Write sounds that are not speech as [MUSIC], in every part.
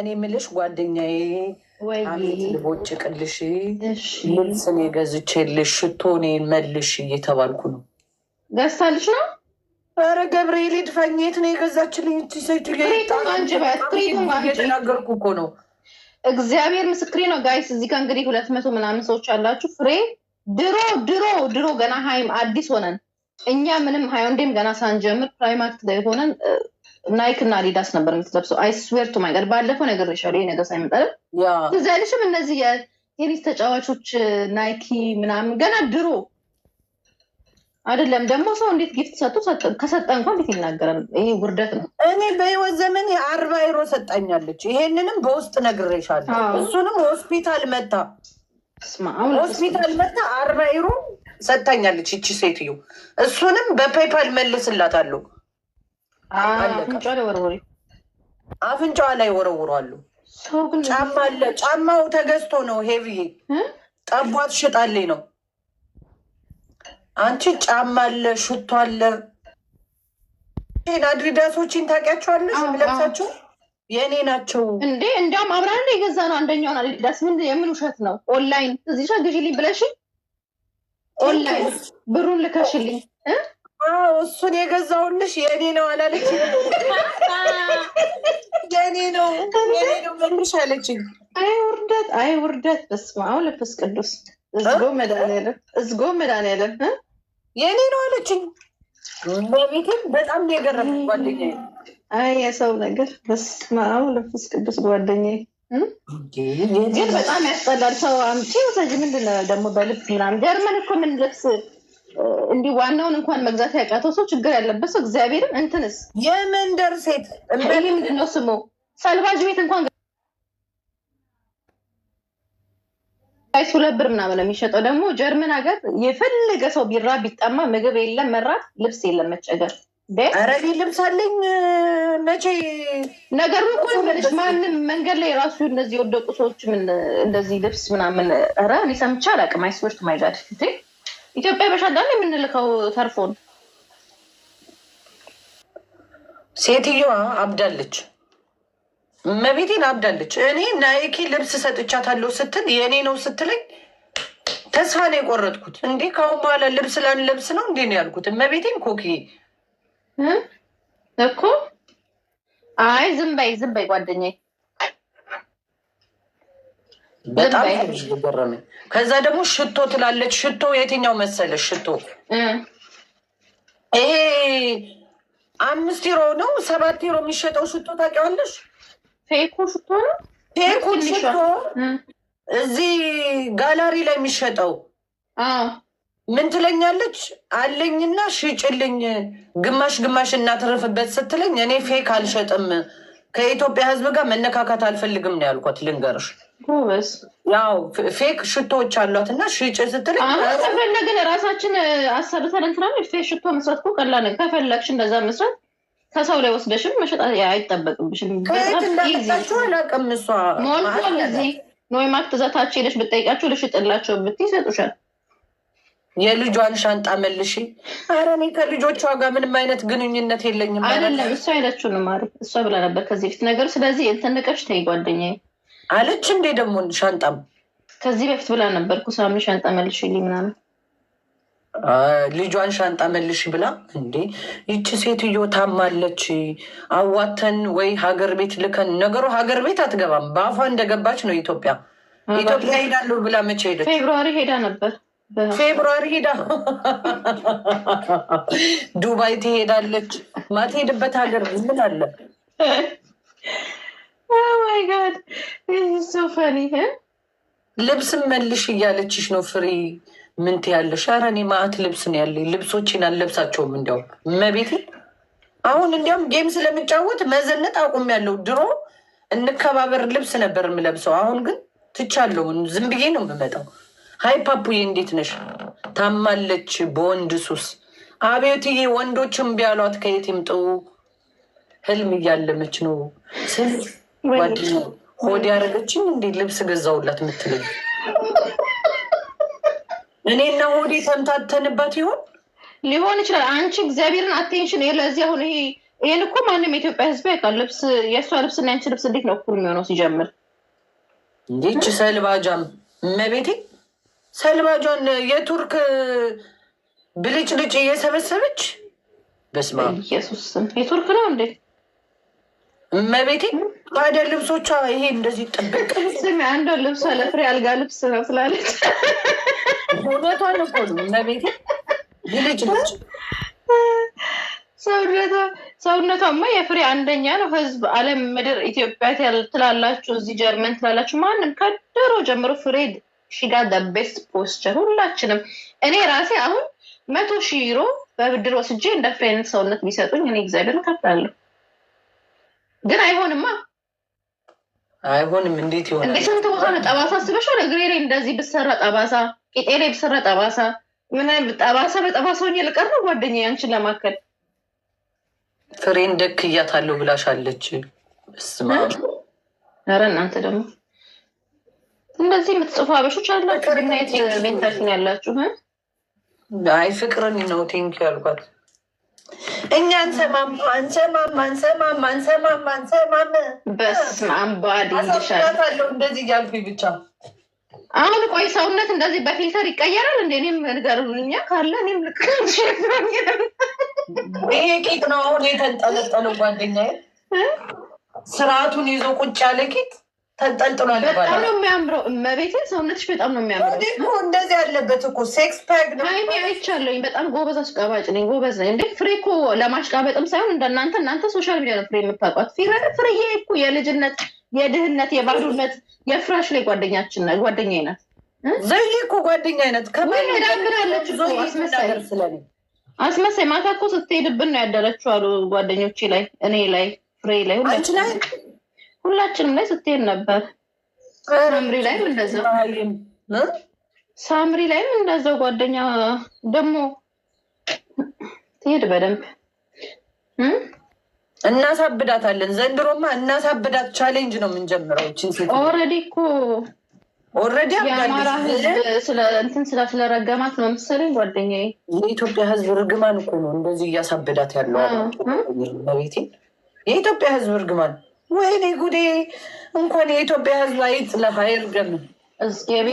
እኔ የምልሽ ጓደኛዬ አቤት ቅልሽ ልብስ እኔ ገዝቼልሽ ሽቶ እኔ መልሽ እየተባልኩ ነው። ገዝታልሽ ነው? ኧረ ገብርኤል ይድፋኝ። የት ነው የገዛችልኝ? እየተናገርኩ እኮ ነው። እግዚአብሔር ምስክሬ ነው። ጋይስ እዚህ ከእንግዲህ ሁለት መቶ ምናምን ሰዎች አላችሁ። ፍሬ ድሮ ድሮ ድሮ ገና ሀይም አዲስ ሆነን እኛ ምንም ሀይ ወንዴም ገና ሳንጀምር ፕራይማርክ ላይ ሆነን ናይክ እና አዲዳስ ነበር የምትለብሰው። አይስዌር ቱ ማይጋድ ባለፈው ነገር ይሻሉ ይሄ ነገር ሳይመጣልም እዚ አይልሽም። እነዚህ የቴኒስ ተጫዋቾች ናይኪ ምናምን ገና ድሮ አይደለም ደግሞ ሰው እንዴት ጊፍት ሰጡ ከሰጠ እንኳ እንዴት ይናገራል? ይህ ውርደት ነው። እኔ በህይወት ዘመን የአርባ ዩሮ ሰጣኛለች። ይሄንንም በውስጥ ነግሬሻለሁ። እሱንም ሆስፒታል መታ ሆስፒታል መታ አርባ ዩሮ ሰጣኛለች ይቺ ሴትዮ። እሱንም በፔፓል መልስላታለሁ። አፍንጫ ላይ ወረወሪ አፍንጫዋ ላይ ወረውሯሉ። ጫማ አለ። ጫማው ተገዝቶ ነው ሄቪ ጠቧት ሽጣልኝ ነው። አንቺ ጫማ አለ፣ ሽቶ አለ። አድሪዳሶችን ታውቂያቸዋለሽ? ለብሳችሁ የእኔ ናቸው እንዴ? እንዲያውም አብረን የገዛ ነው አንደኛውን አድሪዳስ። ምን የምን ውሸት ነው? ኦንላይን እዚህ ግዢልኝ ብለሽኝ ኦንላይን ብሩን ልከሽልኝ እሱን የገዛውልሽ የእኔ ነው አላለች። የእኔ ነው አለችኝ። አይ ውርደት፣ አይ ውርደት። በስመ አብ ወመንፈስ ቅዱስ እዝጎ መድኃኒዓለም እዝጎ መድኃኒዓለም የእኔ ነው አለችኝ። በቤትም በጣም የገረመኝ ጓደኛዬ። አይ የሰው ነገር በስመ አብ ወመንፈስ ቅዱስ ጓደኛዬ ግን በጣም ያስጠላል። ሰው አምጪ ምንድን ነው ደግሞ በልብስ ምናምን ጀርመን እኮ ምን ልብስ እንዲህ ዋናውን እንኳን መግዛት ያቃተው ሰው ችግር ያለበት ሰው እግዚአብሔርን እንትንስ የመንደር ሴት ይህ ምንድን ነው ስሙ ሳልቫጅ ቤት እንኳን ራይስ ሁለት ብር ምናምን የሚሸጠው ደግሞ ጀርመን ሀገር የፈለገ ሰው ቢራ ቢጠማ ምግብ የለም፣ መራት፣ ልብስ የለም፣ መጨገር ረቢ ልብስ አለኝ መቼ ነገሩ ኮንበልሽ ማንም መንገድ ላይ ራሱ እነዚህ የወደቁ ሰዎች ምን እንደዚህ ልብስ ምናምን ረ ሊሰምቻ አላውቅም። አይስወርት ማይጋድ ፊቴ ኢትዮጵያ በሻዳን የምንልከው ተርፎን ሴትዮዋ አብዳለች። መቤቴን አብዳለች። እኔ ናይኪ ልብስ ሰጥቻታለሁ ስትል የእኔ ነው ስትለኝ ተስፋ ነው የቆረጥኩት። እንዴ ከአሁን በኋላ ልብስ ላን ለብስ ነው እንዴ ነው ያልኩት። መቤቴን ኮኪ እኮ አይ ዝም በይ ዝም በይ ጓደኛዬ በጣም ገረመኝ። ከዛ ደግሞ ሽቶ ትላለች። ሽቶ የትኛው መሰለሽ? ሽቶ ይሄ አምስት ዩሮ ነው ሰባት ዩሮ የሚሸጠው ሽቶ ታውቂዋለሽ? ፌኩ ሽቶ ነው። ሽቶ እዚህ ጋላሪ ላይ የሚሸጠው ምን ትለኛለች አለኝና ሽጭልኝ፣ ግማሽ ግማሽ እናትርፍበት ስትለኝ እኔ ፌክ አልሸጥም፣ ከኢትዮጵያ ሕዝብ ጋር መነካካት አልፈልግም ነው ያልኳት። ልንገርሽ ያው ፌክ ሽቶዎች አሏት እና ሽጭ ስትል ከፈለግን ራሳችን አሰርተን እንትናለ ፌክ ሽቶ መስራት እኮ ቀላል ነው። ከፈለግሽ እንደዛ መስራት ከሰው ላይ ወስደሽም አይጠበቅብሽም። ሞልቷል። እዚህ ትዘታች ሄደሽ ብጠይቃቸው ልሽጥላቸው ብት ይሰጡሻል። የልጇን ሻንጣ መልሽ። እኔ ከልጆቿ ጋር ምንም አይነት ግንኙነት የለኝም። አይደለም እሷ አይለችውንም። አሪፍ እሷ ብላ ነበር ከዚህ ፊት ስለዚህ እንትን ንቀሽ ተይ ጓደኛዬ አለች እንዴ ደግሞ ሻንጣም ከዚህ በፊት ብላ ነበርኩ ሳሚ ሻንጣ መልሽ ምናምን ልጇን ሻንጣ መልሽ ብላ እንዴ ይቺ ሴትዮ ታማለች። አዋተን ወይ ሀገር ቤት ልከን ነገሩ ሀገር ቤት አትገባም። በአፏ እንደገባች ነው ኢትዮጵያ ኢትዮጵያ ሄዳሉ ብላ መቼ ሄደች? ፌብሩዋሪ ሄዳ ነበር። ፌብሩዋሪ ሄዳ ዱባይ ትሄዳለች። ማትሄድበት ሀገር ምን አለ? [LAUGHS] Oh ልብስ መልሽ እያለችሽ ነው ፍሬ ምንት ያለሽ? ኧረ እኔ ማዕት ልብስ ነው ያለኝ። ልብሶችን አልለብሳቸውም። እንዲያውም እመቤቴን አሁን እንዲያውም ጌም ስለምጫወት መዘነጥ አቁሜያለሁ። ድሮ እንከባበር ልብስ ነበር የምለብሰው። አሁን ግን ትቻለሁ። ዝም ብዬ ነው የምመጣው። ሀይ ፓፑዬ እንዴት ነሽ? ታማለች በወንድ ሱስ። አቤትዬ ወንዶችም ቢያሏት ከየት ይምጡ? ህልም እያለመች ነው ሆድ ያደረገችኝ እንዴ ልብስ ገዛውላት የምትለኝ እኔና ሆዴ የተንታተንበት ይሆን ሊሆን ይችላል። አንቺ እግዚአብሔርን አቴንሽን ለዚህ አሁን ይሄ ይህን እኮ ማንም የኢትዮጵያ ሕዝብ ያውቃል። ልብስ የእሷ ልብስ እና ያንቺ ልብስ እንዴት ነው እኩል የሚሆነው? ሲጀምር ይች ሰልባጃም እመቤቴ ሰልባጇን የቱርክ ልጭ እየሰበሰበች በስመ አብ ኢየሱስ የቱርክ ነው እንዴ እመቤቴ ወደ ልብሶቿ ይሄ እንደዚህ ይጠበቅ። [LAUGHS] አንዱ ልብሷ ለፍሬ አልጋ ልብስ ነው ስላለች ሰውነቷ ነቆሉ ነቤቴ ልጅ ነች። ሰውነቷማ የፍሬ አንደኛ ነው። ህዝብ አለም ምድር ኢትዮጵያ ትላላችሁ፣ እዚህ ጀርመን ትላላችሁ። ማንም ከድሮ ጀምሮ ፍሬ ሺጋ ቤስት ፖስቸር ሁላችንም እኔ ራሴ አሁን መቶ ሺህ ዩሮ በብድር ወስጄ እንደ ፍሬ አይነት ሰውነት ቢሰጡኝ እኔ እግዚአብሔርን ከፍላለሁ። ግን አይሆንማ አይሆንም። እንዴት ይሆናል? ስንት ቦታ ነው ጠባሳ አስበሽው? እግሬ እንደዚህ ብሰራ ጠባሳ፣ ቂጤ ላይ ብሰራ ጠባሳ፣ ምን ጠባሳ በጠባሳ ሆኜ ልቀር ነው? ጓደኛ ያንችን ለማከል ፍሬን ደክ እያታለሁ ብላሻለች። ስማ፣ ኧረ እናንተ ደግሞ እንደዚህ የምትጽፉ አበሾች አላችሁ። ግናየት ቤታችን ያላችሁ አይ ፍቅርን ነው ቴንኪ ያልኳት እኛ አንሰማም አንሰማም አንሰማም አንሰማም አንሰማም። በስመ አብ ባድ እንደዚህ እያልኩኝ ብቻ አሁን ቆይ ሰውነት እንደዚህ በፊልተር ይቀየራል እንዴ? እኔም ንገሩልኛ ካለ እኔም ልክ ይሄ ቂጥ ነው አሁን የተንጠለጠለው ጓደኛዬ ስርዓቱን ይዞ ቁጭ ያለ ቂጥ ተንጠልጥሏል። በጣም ነው የሚያምረው። እመቤቴን ሰውነትሽ በጣም ነው የሚያምረው። እንደዚህ ያለበት እኮ ሴክስ ፓክ ነው። ሀይሚ አይቻለኝ። በጣም ጎበዝ አሽቃባጭ ነኝ። ጎበዝ ነኝ እንዴ ፍሬ እኮ ለማሽቃበጥም ሳይሆን እንደናንተ እናንተ ሶሻል ሚዲያ ነው ፍሬ የምታውቋት። ፍሬዬ እኮ የልጅነት የድህነት የባዶነት የፍራሽ ላይ ጓደኛችን ናት፣ ጓደኛዬ ናት። ዘይ እኮ ጓደኛ አይነት ከመዳምራለች አስመሳይ አስመሳይ። ማታ እኮ ስትሄድብን ነው ያደረችው አሉ ጓደኞቼ ላይ እኔ ላይ ፍሬ ላይ ሁላችን ላይ ሁላችንም ላይ ስትሄድ ነበር። ሳምሪ ላይም እንደዛው፣ ሳምሪ ላይም እንደዛው። ጓደኛ ደግሞ ትሄድ በደንብ እናሳብዳታለን። ዘንድሮማ እናሳብዳት ቻሌንጅ ነው የምንጀምረው። ይህችን ሴት ኦልሬዲ እኮ ኦልሬዲ የአማራ ሕዝብ እንትን ስላ ስለረገማት ነው መሰለኝ ጓደኛ። የኢትዮጵያ ህዝብ እርግማን እኮ ነው እንደዚህ እያሳብዳት ያለው ቤቴ የኢትዮጵያ ህዝብ እርግማን ወይኔ ጉዴ! እንኳን የኢትዮጵያ ህዝብ አይጥ ለፋይር ገም እስኬቤ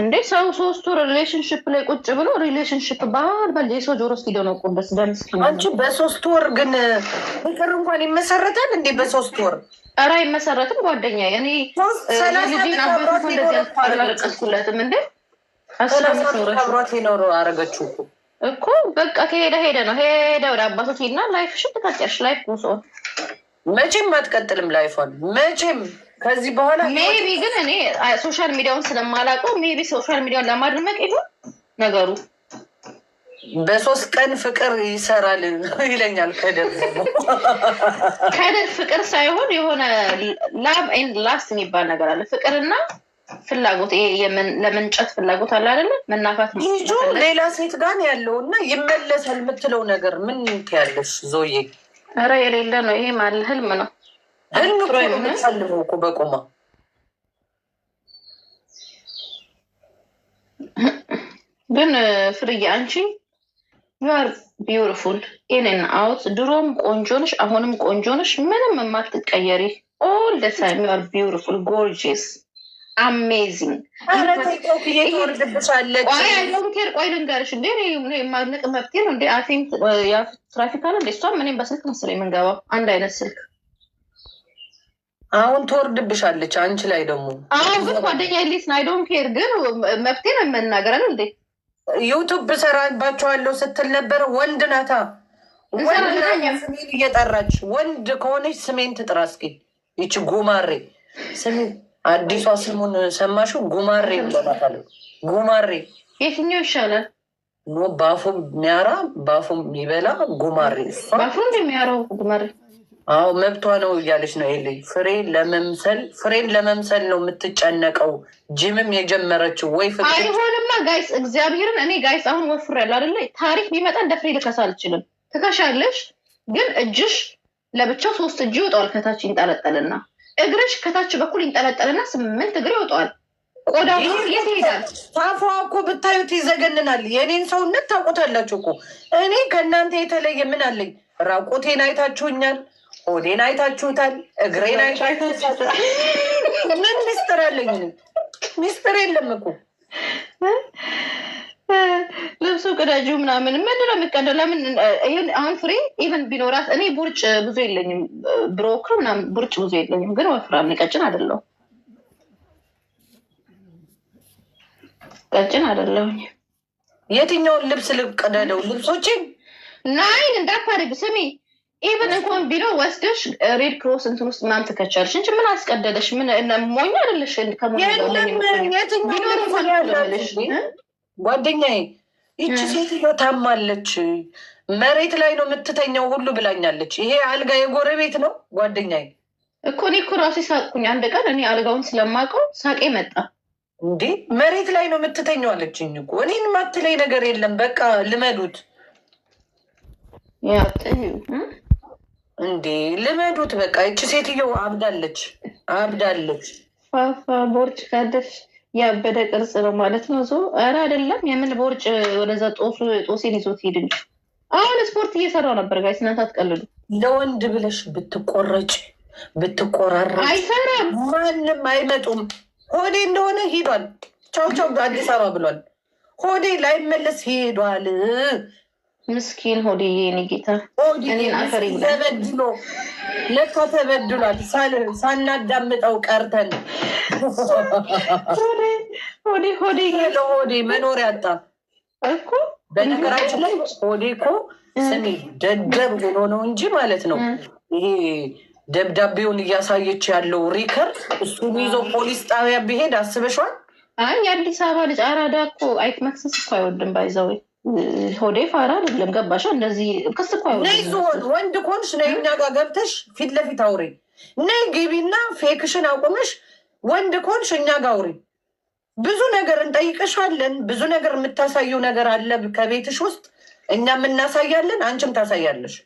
እንዴ ሰው ሶስቱ ሪሌሽንሽፕ ላይ ቁጭ ብሎ ሪሌሽንሽፕ ባህል በል የሰው ጆሮ እስኪደነቁበት ደስ ደምስ። አንቺ በሶስት ወር ግን ፍቅር እንኳን ይመሰረታል እንዴ? በሶስት ወር ኧረ አይመሰረትም ጓደኛ። እኔ ልጅን አባት እንዴ። አስራ አብሯት ይኖሩ አረገችው እኮ በቃ ከሄደ ሄደ ነው ሄደ ወደ አባቶች ሄድና ላይፍ ሽት ታውቂያለሽ ላይፍ ጉዞ መቼም አትቀጥልም ላይፏን መቼም ከዚህ በኋላ ሜቢ ግን እኔ ሶሻል ሚዲያውን ስለማላውቀው ሜቢ ሶሻል ሚዲያውን ለማድመቅ ይሁን ነገሩ በሶስት ቀን ፍቅር ይሰራል ይለኛል። ከደር ከደር ፍቅር ሳይሆን የሆነ ላብ ኤንድ ላስት የሚባል ነገር አለ። ፍቅርና ፍላጎት ለመንጨት ፍላጎት አለ አይደለ? መናፋት ሌላ ሴት ጋር ያለው እና ይመለሳል የምትለው ነገር ምን ያለሽ ዞዬ? ኧረ የሌለ ነው ይሄ ማለት ህልም ነው። ሳልሞ እኮ በቁማ ግን ፍርዬ አንቺ ዩር ቢዩቲፉል ኢንን አውት ድሮም ቆንጆ ነሽ፣ አሁንም ቆንጆ ነሽ። ምንም የማትቀየሪ ኦል ደ ታይም ዩር ቢዩቲፉል ጎርጂስ አሜዚንግ ቴር ቆይ ልንገርሽ እንዴ ማድነቅ መብቴ ነው እንዴ አፌን ትራፊክ አለ እሷም እኔም በስልክ መሰለኝ የምንገባው አንድ አይነት ስልክ አሁን ትወርድብሻለች አንቺ ላይ ደግሞ አሁን ግን ጓደኛ ሌት ነው አይዶን ኬር ግን መብቴ ነው የምናገር አይደል እንዴ ዩቱብ እሰራባቸዋለሁ ስትል ነበር ወንድ ናታ ስሜን እየጠራች ወንድ ከሆነች ስሜን ትጥራ እስኪ ይች ጉማሬ ስሜን አዲሷ ስሙን ሰማሽው? ጉማሬ ይባላል። ጉማሬ የትኛው ይሻላል? ኖ ባፉም ሚያራ ባፉም ሚበላ ጉማሬ። ባፉም የሚያራው ጉማሬ። አዎ መብቷ ነው እያለች ነው። ይሄ ልጅ ፍሬ ለመምሰል ፍሬን ለመምሰል ነው የምትጨነቀው። ጅምም የጀመረችው ወይ ፍ አይሆንማ። ጋይስ እግዚአብሔርን እኔ ጋይስ አሁን ወፍሬያለሁ አይደለ? ታሪክ ቢመጣ እንደ ፍሬ ልከሳ አልችልም። ትከሻለሽ፣ ግን እጅሽ ለብቻው ሶስት እጅ ይወጣዋል ከታች ይንጠለጠልና እግርሽ ከታች በኩል ይንጠለጠልና ስምንት እግር ይወጣዋል። ቆዳ ታፏ እኮ ብታዩት ይዘገንናል። የእኔን ሰውነት ታውቁታላችሁ እኮ እኔ ከእናንተ የተለየ ምን አለኝ? ራቁቴን አይታችሁኛል፣ ሆዴን አይታችሁታል፣ እግሬን አይታችሁታል። ምን ሚስጥር አለኝ? ሚስጥር የለም እኮ ልብሱ ቅደጁ ምናምን ምንድን ነው የምትቀደው? ለምን አሁን ፍሬ ኢቨን ቢኖራት እኔ ቡርጭ ብዙ የለኝም፣ ብሮክር ምናምን ቡርጭ ብዙ የለኝም፣ ግን ወፍራም ቀጭን አይደለሁ ቀጭን አይደለሁኝ። የትኛውን ልብስ ልቀደደው? ልብሶችን ናይን እንዳታደርግ ስሚ። ኢቨን እንኳን ቢሮ ወስደሽ ሬድ ክሮስ እንትን ውስጥ ምናምን ትከቻለሽ እንጂ ምን አስቀደደሽ? ምን ሞኝ አይደለሽ? ከሞ ቢኖር እንኳን ጓደኛዬ ይቺ ሴትዮ ታማለች፣ መሬት ላይ ነው የምትተኛው ሁሉ ብላኛለች። ይሄ አልጋ የጎረቤት ነው ጓደኛዬ እኮ እኔ እኮ ራሴ ሳቅኩኝ። አንድ ቀን እኔ አልጋውን ስለማውቀው ሳቄ መጣ። እንዴ መሬት ላይ ነው የምትተኛው አለችኝ እኮ። እኔን ማትለይ ነገር የለም በቃ ልመዱት፣ እንዴ ልመዱት። በቃ ይቺ ሴትዮ አብዳለች፣ አብዳለች ቦርጭ ጋደሽ ያበደ ቅርጽ ነው ማለት ነው። ሶ ኧረ አይደለም የምን ቦርጭ ወደዛ ጦሴን ይዞት ሄድ እንጂ አሁን ስፖርት እየሰራው ነበር። ጋይ ስነት አትቀልዱ። ለወንድ ብለሽ ብትቆረጭ ብትቆራራ አይሰራም፣ ማንም አይመጡም። ሆዴ እንደሆነ ሄዷል። ቻው ቻው አዲስ አበባ ብሏል። ሆዴ ላይመለስ ሄዷል። ምስኪን ሆድዬ የኔ ጌታ እኔን አፈር ለካ ተበድሏል። ሳናዳምጠው ቀርተን ሆዴ ሆዴ ሆዴ መኖር ያጣ እኮ በነገራችን ላይ ሆዴ እኮ ስሜ ደደብ ሆኖ ነው እንጂ ማለት ነው ይሄ ደብዳቤውን እያሳየች ያለው ሪከር እሱን ይዞ ፖሊስ ጣቢያ ቢሄድ አስበሽዋል። አይ የአዲስ አበባ ልጅ አራዳ እኮ አይት መክሰስ እኮ አይወድም ባይዘወይ ሆዴ ፋራ አይደለም። ገባሽ? እንደዚህ ክስ እኮ ነይ ዝሆን ወንድ ኮንሽ ነይ እኛ ጋር ገብተሽ ፊት ለፊት አውሪ። ነይ ግቢና ፌክሽን አቁምሽ። ወንድ ኮንሽ እኛ ጋር አውሪ። ብዙ ነገር እንጠይቅሻለን። ብዙ ነገር የምታሳየው ነገር አለ ከቤትሽ ውስጥ እኛም እናሳያለን፣ አንቺም ታሳያለሽ።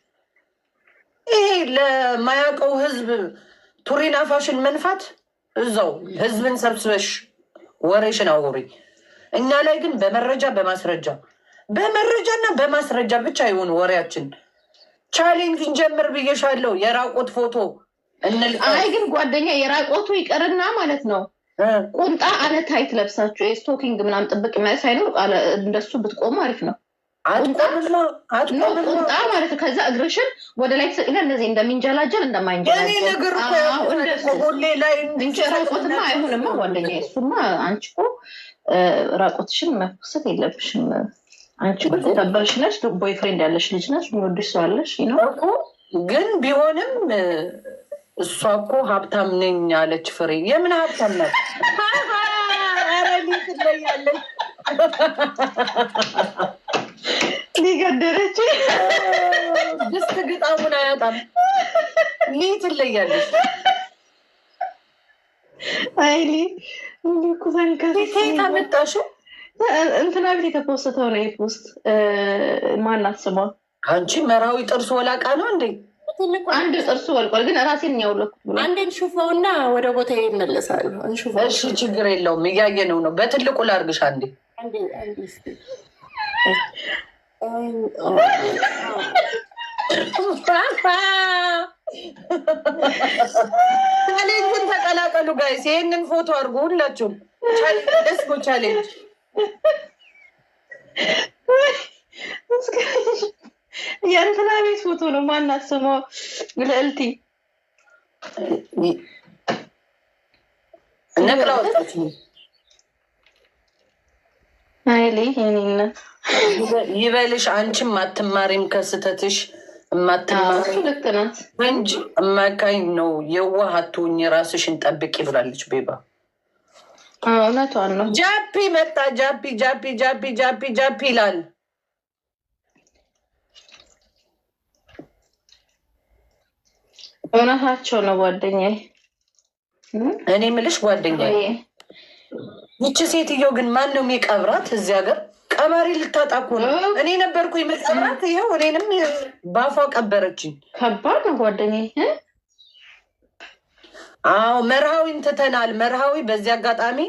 ይሄ ለማያውቀው ህዝብ ቱሪና ፋሽን መንፋት እዛው ህዝብን ሰብስበሽ ወሬሽን አውሪ። እኛ ላይ ግን በመረጃ በማስረጃ በመረጃና በማስረጃ ብቻ ይሆን ወሬያችን። ቻሌንጅ እንጀምር ብዬሻለሁ። የራቆት ፎቶ አይ ግን ጓደኛ የራቆቱ ይቅርና ማለት ነው ቁምጣ አለ ታይት ለብሳችሁ የስቶኪንግ ምናምን ጥብቅ ማለት ሳይኖር እንደሱ ብትቆሙ አሪፍ ነው። ቁምጣ ማለት ከዛ እግርሽን ወደ ላይ ተሰቅለ እነዚህ እንደሚንጀላጀል እንደማይንጀላጀል ነገር አይሆንማ ጓደኛ። እሱማ አንቺ እኮ ራቆትሽን መፍሰት የለብሽም። አንቺ ተከበርሽ ነሽ፣ ቦይፍሬንድ ያለሽ ልጅ ነሽ፣ የሚወድሽ ሰው አለሽ ነው። ግን ቢሆንም እሷ እኮ ሀብታም ነኝ አለች። ፍሬ የምን ሀብታም ነው? ሊገደረች ድስት ግጣሙን አያጣም። ሊት ትለያለች። አይ ሊ ሊ ኩሳን ከሴ እንትና ቤት የተፖስተው ነው ፖስት ማናት አስበው አንቺ መራዊ ጥርሱ ወላቃ ነው እንዴ? አንድ ጥርሱ ወልቋል፣ ግን ራሴን ያውለኩት አንድ እንሹፈው እና ወደ ቦታ ይመለሳሉ። እሺ ችግር የለውም እያየ ነው ነው በትልቁ ላርግሽ አንዴ ቻሌንጅን ተቀላቀሉ ጋይስ። ይህንን ፎቶ አድርጎ ሁላችሁም ደስጎ ቻሌንጅ የእንትና ቤት ፎቶ ነው። ማናት ስሟ? ልዕልቲ ይበልሽ። አንቺም አትማሪም ከስተትሽ ማትማሪልክናት እንጂ እማካኝ ነው። የዋህ አትሁኝ፣ ራስሽን ጠብቂ ብላለች ቤባ እውነቷን ነው። ጃፒ መጣ። ጃፒ ጃፒ ጃፒ ጃፒ ጃፒ ይላል። እውነታቸው ነው ጓደኛዬ። እኔ ምልሽ ጓደኛዬ፣ ይቺ ሴትዮ ግን ማን ነው የሚቀብራት? እዚህ ሀገር ቀባሪ ልታጣ እኮ ነው። እኔ ነበርኩ የምቀብራት። ይኸው እኔንም ባፏ ቀበረችኝ። ከባድ ነው ጓደኛዬ። አዎ መርሃዊን ትተናል። መርሃዊ በዚህ አጋጣሚ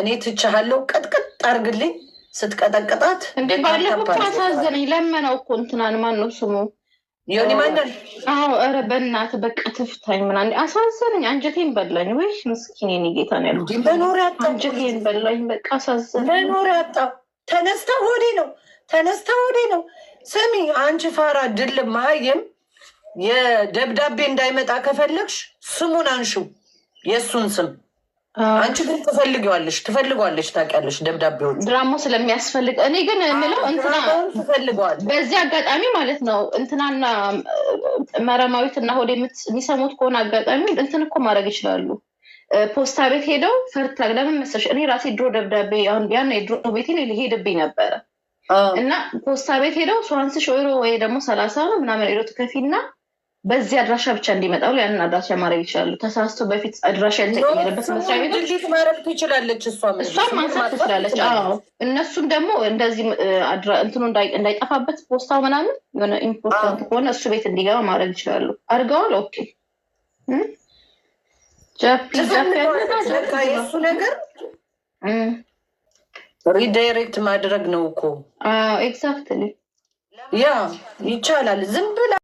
እኔ ትችሃለሁ፣ ቅጥቅጥ አርግልኝ ስትቀጠቅጣት እንደ ባለፈው አሳዘነኝ። ለመነው እኮ እንትናን ነው ስሙ ዮኒ ማንን? አዎ ኧረ በእናትህ በቃ ትፍታኝ ምናምን አሳዘነኝ። አንጀቴን በላኝ። ወይ ምስኪን የእኔ ጌታ ነው ያልኩት። መኖሪያ አጣሁ። አንጀቴን በላኝ። በቃ አሳዘነኝ። መኖሪያ አጣሁ። ተነስተ ሆዴ ነው ተነስተ ሆዴ ነው። ስሚ አንቺ ፋራ ድልም መሀይም የደብዳቤ እንዳይመጣ ከፈለግሽ ስሙን አንሹ፣ የእሱን ስም አንቺ ግን ትፈልጊዋለሽ ትፈልጓለሽ፣ ታውቂያለሽ ደብዳቤውን ድራማ ስለሚያስፈልግ። እኔ ግን የምለው እንትና ትፈልገዋለሽ። በዚህ አጋጣሚ ማለት ነው እንትናና መረማዊት እና ሆዴ የሚሰሙት ከሆነ አጋጣሚ እንትን እኮ ማድረግ ይችላሉ። ፖስታ ቤት ሄደው ፈርታ ለምን መሰለሽ፣ እኔ ራሴ ድሮ ደብዳቤ አሁን ያን የድሮ ቤቴ ሊሄድብኝ ነበረ እና ፖስታ ቤት ሄደው ሶ አንስ ሺህ ዩሮ ወይ ደግሞ ሰላሳ ምናምን ዩሮ ትከፊና በዚህ አድራሻ ብቻ እንዲመጣሉ ያንን አድራሻ ማድረግ ይችላሉ። ተሳስቶ በፊት አድራሻ ያልተቀየረበት መስሪያ ቤቶች ማድረግ ትችላለች፣ እሷም ማንሳት ትችላለች። እነሱም ደግሞ እንደዚህ እንትኑ እንዳይጠፋበት ፖስታው ምናምን የሆነ ኢምፖርታንት ከሆነ እሱ ቤት እንዲገባ ማድረግ ይችላሉ። አድርገዋል። ኦኬ ጃፒጃፒሱ ነገር ሪዳይሬክት ማድረግ ነው እኮ ኤግዛክትሊ ያ ይቻላል ዝም ብላ